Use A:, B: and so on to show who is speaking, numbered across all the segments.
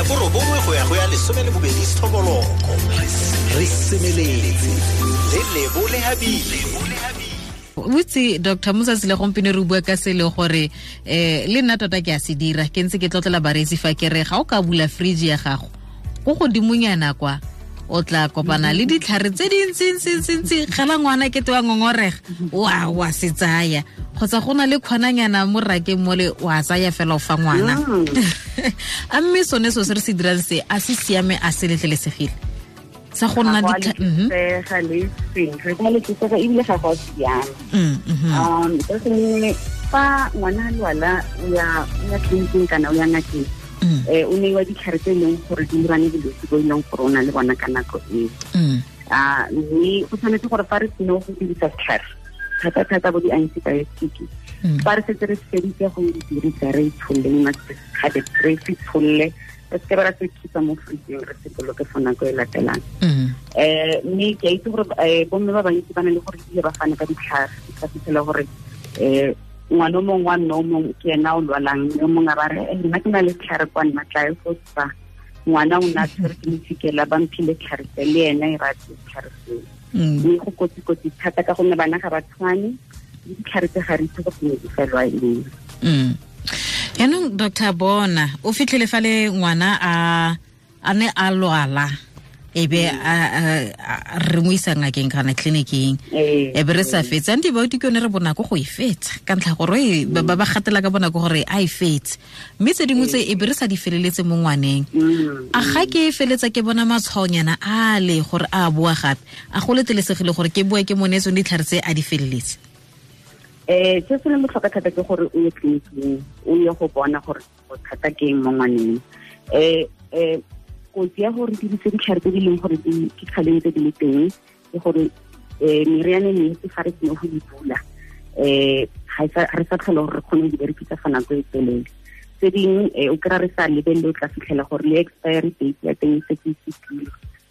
A: ya borobongwe go ya go ya lesome le bobedi sethoboloko re semeletse le lebo le habile botse dr mosasile gompieno re bua ka se le gore eh le nna tota ke a se dira ke ntse ke tlotlela bareetsi fa ke re ga o ka bula fridge ya gago go godimonyana kwa o tla kopana le ditlhare tse dintsintsintsintsi gela ngwana kete wa ngongorega wa wa se tsaya kgotsa go na le kgonanyana mo rakeng mole wa tsaya fela o fa ngwana hmm. a mme sone so se re se dirang se a se siame a se letlelesegile sa go nna ebile
B: ga go siame mm, mhm. um se sengwe fa ngwana lwala ya ya tleliniking kana o ya ngakeng Mm. eh o neiwa ditlhare tse e leng gore di lebane bolwetse bo e leng gore o le bona ka go eo a mme go tshwanetse gore fa re tsene go dirisa setlhare thata-thata bo di-antibiotic fa re se re seditse go di dirisa re itsholle le matsekgabe re se tsholle re seke ba ra se thusa mo freezing re se ke for go e latelang eh ni ke itse gore bomme ba bantsi ba na le gore ebile ba fana ka ditlhare ka fitlhela gore eh ngwana o mongwe wa nna o mongwe ke ena o lwalang mme o mongwe a ba re eh, nna ke na le tlhare kwa nna e go tsa ngwana o na a tshwere ke mofikela ba mphile tlharise le ena e rate tlhariseng mm. mme go kotsi-kotsi thata ka gonne bana ga ba tshwane le ditlhare tse ga re itse go ne di felwa e eng
A: mm. yaanong dr bona o fitlhele fa le ngwana a ne a lwala e be mm. re mo isa ngakeng kana tleliniking mm. e be re sa fetse ante baudi ke yone re bonako go e fetsa ka ntlha gore e, ba ba gatela ka bonako gore a e fetse mme tse dingwe tse mm. e be re sa di feleletse mo ngwaneng a ga ke e feletsa ke bona matshwaonyana a le gore a boa gape a go letelesegile gore ke boe ke mo neetsong ditlhare tse a di feleletse
B: um se se le botlhokwa thata ke gore o ye tleliniking o ye go bona gore bothata ke mo ngwaneng um kotsi ya gore dirise ditlhare tse di leng gore ke kgaleng tse di le teng ke gore um meriane mentsi fa re tsene go di bula um re sa tlhole gore re kgone go di berekisa fa nako e telele tse dingwe o kry-a re sa lebelele o tla fitlhela gore le expiry date ya teng se ke isetile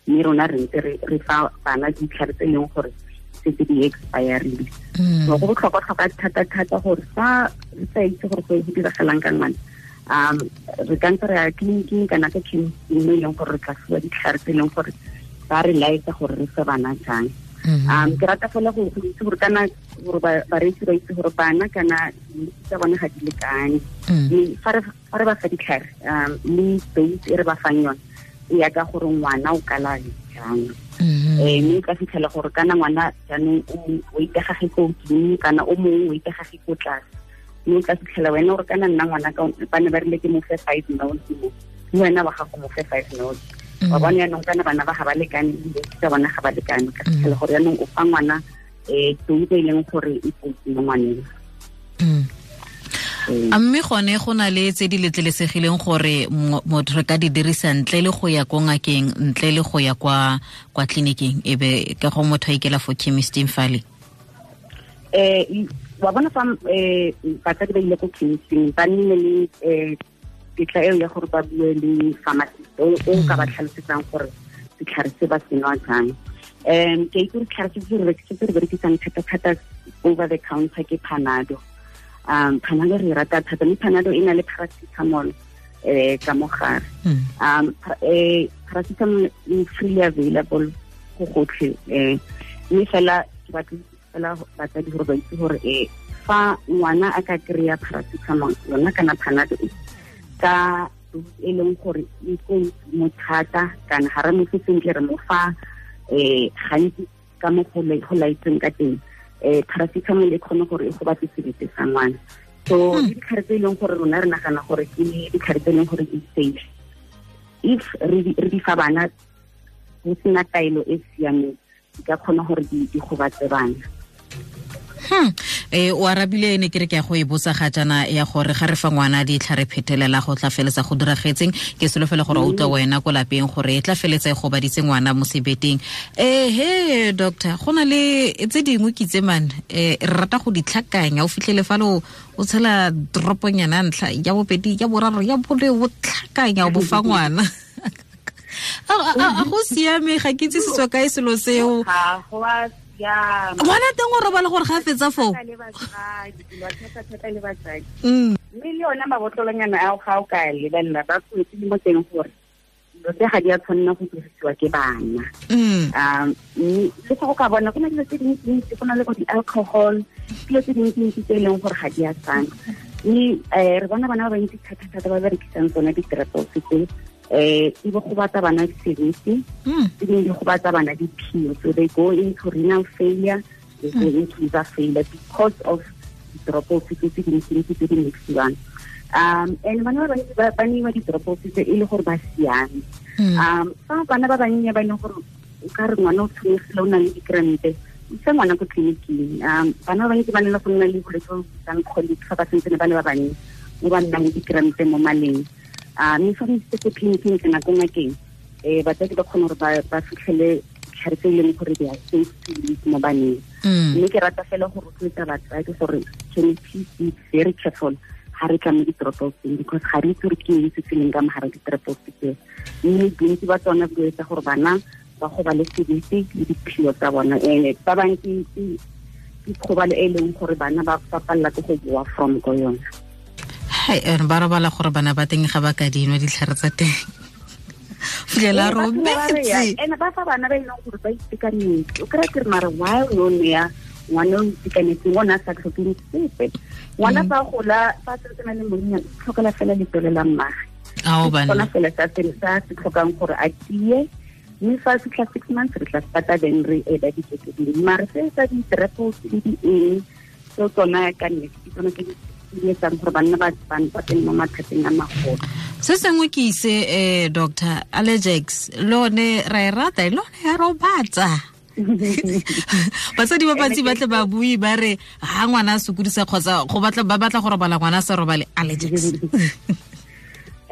B: mme rona re ntse re fa bana ditlhare tse e leng gore setse di expirile so go botlhokwa-tlhokwa thata-thata gore fa re sa itse gore go diragalang ka ngwana um re ka ntse re ya clinicing kana ka clinicing mo e leng gore re tla fiwa ditlhare tse e leng gore ba re laetsa gore re fe bana jang mhm. um ke rata fela go itse gore kana gore bareetsi ba itse gore bana kana tsa bone ga di lekane mhm. fa re ba fa ditlhare um le dose e re ba fang yone e ya ka gore ngwana o kala jang um mme ka fitlhela gore kana ngwana jaanong o itagage ko godimo kana o mongwe o itagage ko tlase mme o tla fitlhela wena gore kana nna ngwana ka ba ba rile ke mo fe five notes mo wena wa gago mo fe five notes wa bone yaanong kana bana ba ga ba lekane dilo tsa bona ga ba lekane ka fitlhela gore yanong o fa ngwana um tou e leng gore e kotsi mo ngwaneng
A: a mme gone go na le tse di letlelesegileng gore motho re ka di dirisa ntle le go ya ko ngakeng ntle le go ya kwa kwa tleliniking e be ka go motho a ikela for chemisting fale
B: um wa bona fa um e, batsadi ba ile ko clinicing ba nne le um tetla eo ya gore ba bue le pharmacist o ka ba tlhalosetsang gore setlhare se ba senwa jang um ke itse setlhare se re se re berekisang thata-thata over the counter ke panado um panado re e rata thata mme panado e na le paracetamol um ka mogare um hmm. paracetamol e freely available go gotlhe um mme fela ke batle fela batsadi gore ba itse gore e fa ngwana a ka kry-a paracetamol yona kana panado ka e leng gore itse mothata kana ga re mofe sentle re mo fa um gantsi ka mo go laetseng ka teng um paracetamol e kgone gore e go batse sebete sa ngwana so ke ditlhare tse e leng gore rona re nagana gore ke ditlhare tse e leng gore ke safe if re di fa bana go sena taelo e siameng di ka kgona gore di gobatse bana
A: hm e o arabile ene ke re ke ya go e botsa ga jana ya gore ga re fa ngwana ditlhare phetelela go tla feletsa go diragetseng ke solofela gore o utlwa mm. wena ko lapeng gore e tla feletsa e gobaditse ngwana mo sebeteng eh he doctor go na le tse dingwe kitse mane um re rata go ditlhakanya o fitlhele fa le o tshela toroponyana ntlha ya bobedi ya boraro ya bole o tlhakanya o bofa ngwana a go siame ga ke itse setswa kae selo seo
B: Wala dengo
A: roba lakor hafe zafo
B: Milyon amaboto lanyan A mm. o ka o mm. ah, ka ele Dan rapat kwenye Milyon amaboto lanyan Milyon amaboto lanyan Milyon amaboto lanyan Milyon amaboto lanyan eh e bo go batla bana disability e bo go batla bana diphio so they go into renal failure they go hmm. into liver failure because of dropouts tse di ntse tse di mixiwang um and bana ba bantsi ba neiwa di-dropouts tse e le gore ba siame hmm. um fa bana ba bannye ba e gore ka re ngwana o tshwenyegile o na le dikrante o isa ngwana ko tleliniking um bana ba bantsi ba ne le go nna le bolwetse o bitsang colic fa ba sentse ba ne ba bannye o ba nnang dikrante mo maleng a mme fa go ntse ko tleliniking kana ko ngakeng um batsadi ba kgona gore ba fitlhele ditlhare tse e leng gore di a safe to leave mo baneng mme ke rata fela go rotloetsa batsadi gore can please be very careful ga re tla mo di-triple because ga re itse gore ke eng se se leng ka mogare di-triple seke mme bontsi ba tsone bo etsa gore bana ba go ba le sebete le diphilo tsa bona um ba bangwe ke kgobalo e e leng gore bana ba papalela ke go boa from ko yona
A: hai ba robala gore bana ba teng ga ba ka dinwa ditlhare tsa teng
B: fitlhela robetse ya. ene ba fa bana ba ile e go gore ba nne o kra ke re mare why no ne ya ngwana o itika nne ke bona sa go tlhokeng sepe ngwana ba mm. gola fa setse tsena le monnyane se tlhokela fela letswele la mma a o bana bona fela sa se tlhokang gore a tie mme fa se tla six months re tla stata then re tsetse diketseding mara se sa di trepo ya di di e so tsona ka nne ke tsone ke le gore banna ba ba tsene mo mathateng a magolo
A: se sengwe ke ise um eh, doctor allegex le one ra e rata le one ya robatsa basadi ba bantsi batle ba bui ba re ha ngwana a sokodisa kgotsa go batla ba batla go robala ngwana a sa robale allergex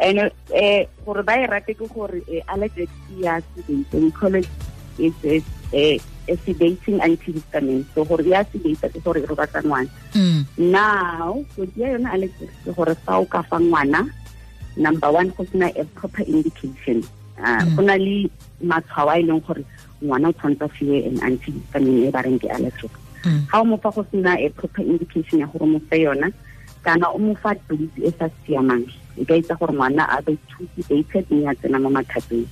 B: ene eh gore ba e rate ke gore eh, allergex e ya student college is a eh, sedating antihistamine so gore ya sedata ke gore e robatsa ngwana mm. now kotsi ya yone alex ke gore fa o ka fa ngwana number one go sena a proper indication ah, mm. go na le matshwao a e leng gore ngwana o tshwanetse a fiwe an antihistamine e ba reng ke aletrox mm. ga o mofa go sena a proper indication ya gore mo fe yona kana o mofa fa dose e sa siamang e ka itsa gore ngwana a be too sedated mme a tsena mo mathateng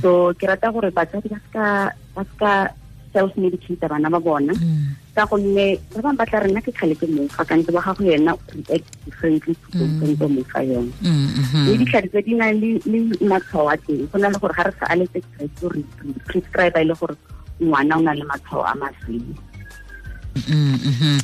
B: so ke rata gore batsadi ba ska self medicate bana ba bona mm. ka gonne ba bangwe ba tla rena ke tlhale ke mofa kantse ba gago yena react differently mm. tse mofa yone
A: mm-hmm.
B: mme ditlhare tse di na le matshwao a teng go na le gore ga re sa aletse prescribe e le gore ngwana o na le matshwao a masedi
A: Mm-hmm.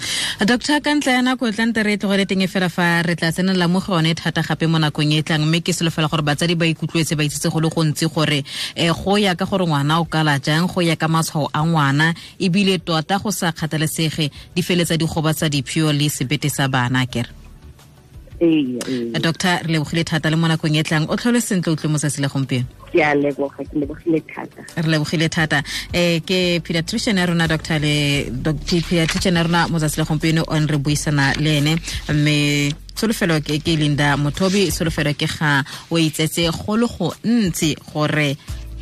A: doctor ka ntla ya nako tla ntere tlo e, e teng e fela fa re tla tsenelela mo gone yone thata gape mo nakong e e tlang mme ke fela gore batsadi ba ikutlwetse ba itsetse go le gontsi gore um go ya ka gore ngwana o kala jang go ya ka matshwao a ngwana ebile tota go sa kgathalesege di feletsa digoba tsa diphio le sebete sa bana kere
B: Eh,
A: doctor re lebogile thata le mo nakong e tlang o tlhole sentle utlwe mo tsatsi la gompieno re lebogile thata um ke pediatrician ya rona doctor le pediatrician ya rona mo tsatsi la gompieno on re buisana le ene mme solofelo ke linda mothobi tsholofelo ke ga o itsetse go le go ntsi gore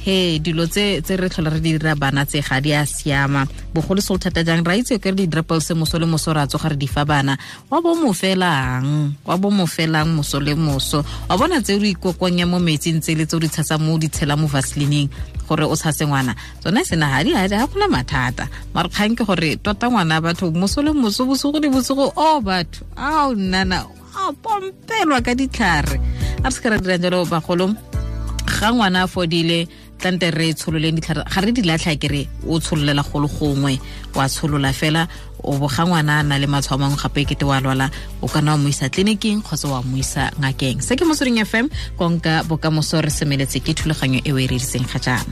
A: he dilo tse tse re tlhola re di dira bana tse ga di a siama bogolo se thata jang ra itse kere di-drapel se moso le moso ra tsoga re di fa bana wa bo mo felang wa bo mo felang moso le moso wa bona tse re ikokonya mo metsing tse le tse o di tshasa mo di tshela mo vaselining gore o tshase ngwana tsone sena ga di ga gona mathata mara kgang ke gore tota ngwana batho moso le moso bosigo le bosigo o batho ao nnana a pompelwa ka ditlhare a re se ka ra dirang jalo bagolo ga ngwana a fodile tlante re tshololeng ditlhare ga re di latlha kere o tshololela golo gongwe wa tsholola fela o boga ngwana a na le matshwao mangwe gape kete wa lwala o kana wa mo isa tleliniking kgotsa wa mo isa ngakeng se ke motsweding fm konka bokamoso re semeletse ke thulaganyo e o e reditseng ga jaana